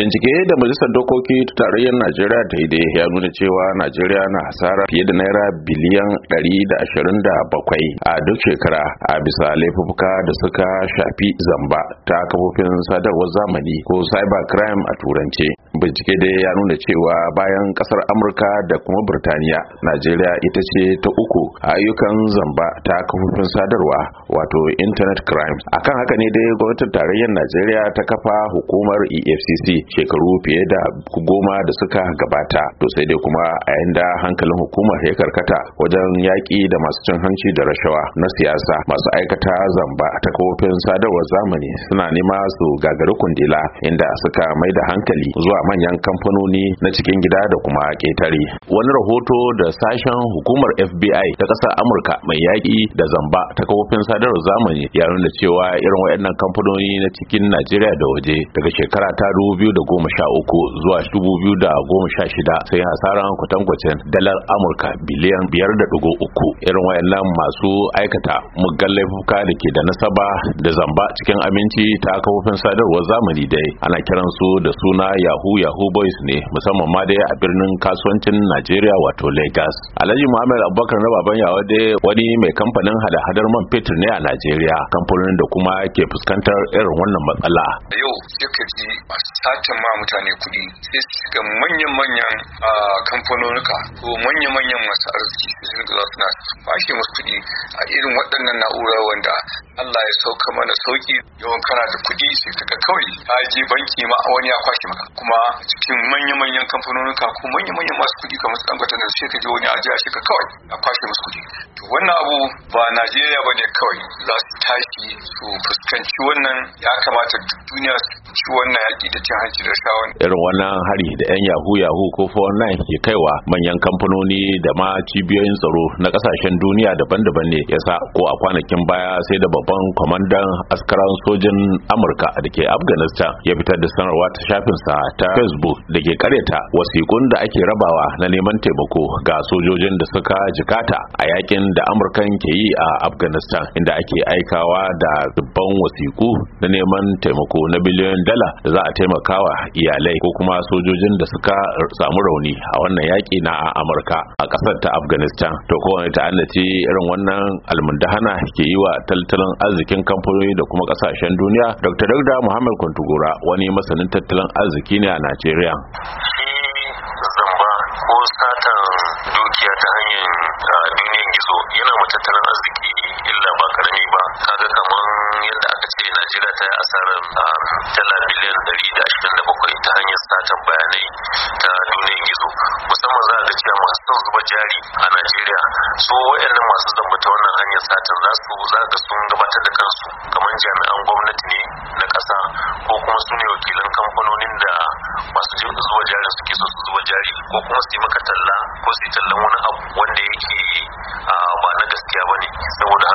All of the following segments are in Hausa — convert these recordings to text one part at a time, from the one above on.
bincike da majalisar dokoki ta tarayyar najeriya ta yi da ya nuna cewa najeriya na hasara fiye da naira biliyan da ashirin bakwai a duk shekara a bisa laifuka da suka shafi zamba ta kafofin sadarwar zamani ko cyber crime a turance bincike dai ya nuna cewa bayan kasar amurka da kuma birtaniya najeriya ita ce ta uku ayyukan zamba ta kafofin sadarwa wato internet crimes akan haka ne dai gwamnatin tarayyar najeriya ta kafa hukumar efcc shekaru fiye da goma da suka gabata to sai dai kuma a yanda hankalin hukumar ya karkata wajen yaƙi da masu cin hanci da rashawa na siyasa masu aikata zamba ta kafofin sadarwar zamani suna nema su gagari kundila inda suka mai da hankali zuwa manyan kamfanoni na cikin gida da kuma ƙetare wani rahoto da sashen hukumar fbi ta Kasar amurka mai yaƙi da zamba ta kafofin sadarwar zamani ya nuna cewa irin waɗannan kamfanoni na cikin najeriya da waje daga shekara ta uku zuwa shida sai hasaran kwatankwacin dalar amurka biliyan biyar da uku. irin waɗannan masu aikata muggan laifuka da ke da nasaba da zamba cikin aminci ta kafofin sadarwar zamani dai ana kiransu da suna yahoo yahoo boys ne musamman ma dai a birnin kasuwancin najeriya wato lagos alhaji muhammad abubakar na baban ya dai wani mai kamfanin hada-hadar man fetur ne a Najeriya kamfanin da kuma ke fuskantar irin wannan matsala. Yau suka ji masu satin ma mutane kuɗi sai su shiga manyan-manyan kamfanonuka ko manya-manyan masu arziki su na bashi masu kuɗi a irin waɗannan na'ura wanda Allah ya sauka mana sauki yawan kana da kuɗi sai ga kawai ka je banki ma wani ya kwashe maka kuma cikin manya-manyan kamfanonin ka ko manya-manyan masu kuɗi kamar su dangata da sai ka je wani ajiya shi ka kawai a kwashe musu kuɗi to wannan abu ba Najeriya bane kawai za su tashi su fuskanci wannan ya kamata duniya su ci wannan yaƙi da cin hanci da shawon irin wannan hari da yan yahu yahu ko 419 ke kaiwa manyan kamfanoni da ma cibiyoyin tsaro na kasashen duniya daban-daban ne yasa ko a kwanakin baya sai da babban babban kwamandan askaran sojin amurka da ke afghanistan ya fitar da sanarwa ta shafinsa ta facebook da ke karyata wasikun da ake rabawa na neman taimako ga sojojin da suka jikata a yakin da amurkan ke yi a afghanistan inda ake aikawa da dubban wasiku na neman taimako na biliyoyin dala da za a taimakawa iyalai ko kuma sojojin da suka samu rauni a wannan yaki na amurka a ƙasar ta afghanistan to kowane ta'annaci irin wannan almundahana ke yi wa tattalin arzikin kamfanoni da kuma ƙasashen duniya dr dagda muhammad kwantugura wani masanin tattalin arziki ne a najeriya zamba ko satan dukiya ta hanyar duniyar gizo yana mu tattalin arziki illa ba karami ba kaga kamar yadda aka ce najeriya ta yi asarar a dala biliyan 127 ta hanyar satan zuba jari a najeriya su waɗannan masu zamba ta wannan hanyar satin za su za ga sun gabatar da kansu kamar jami'an gwamnati ne na ƙasa ko kuma su ne wakilan kamfanonin da masu zuba jarin suke so su zuba jari ko kuma su yi maka talla ko su yi tallan wani abu wanda yake ah, ba na gaskiya ba ne saboda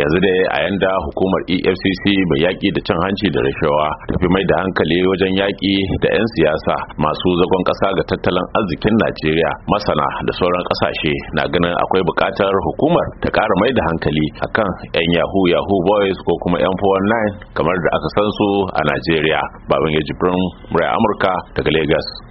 yanzu da a yanda hukumar efcc mai yaƙi da cin hanci da rashawa tafi mai da hankali wajen yaƙi da 'yan siyasa masu zagon ƙasa ga tattalin arzikin najeriya masana da sauran ƙasashe na ganin akwai buƙatar hukumar ta ƙara mai da hankali akan 'yan yahoo yahoo boys ko kuma 'yan 419 kamar da aka san su a najeriya babin ya jibrin murai amurka daga lagos